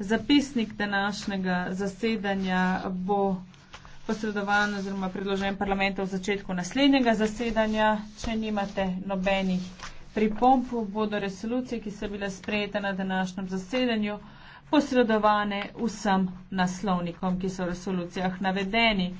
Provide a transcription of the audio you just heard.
Zapisnik današnjega zasedanja bo posredovan oziroma predložen parlamentu v začetku naslednjega zasedanja. Če nimate nobenih pripomp, bodo resolucije, ki so bile sprejete na današnjem zasedanju, posredovane vsem naslovnikom, ki so v resolucijah navedeni.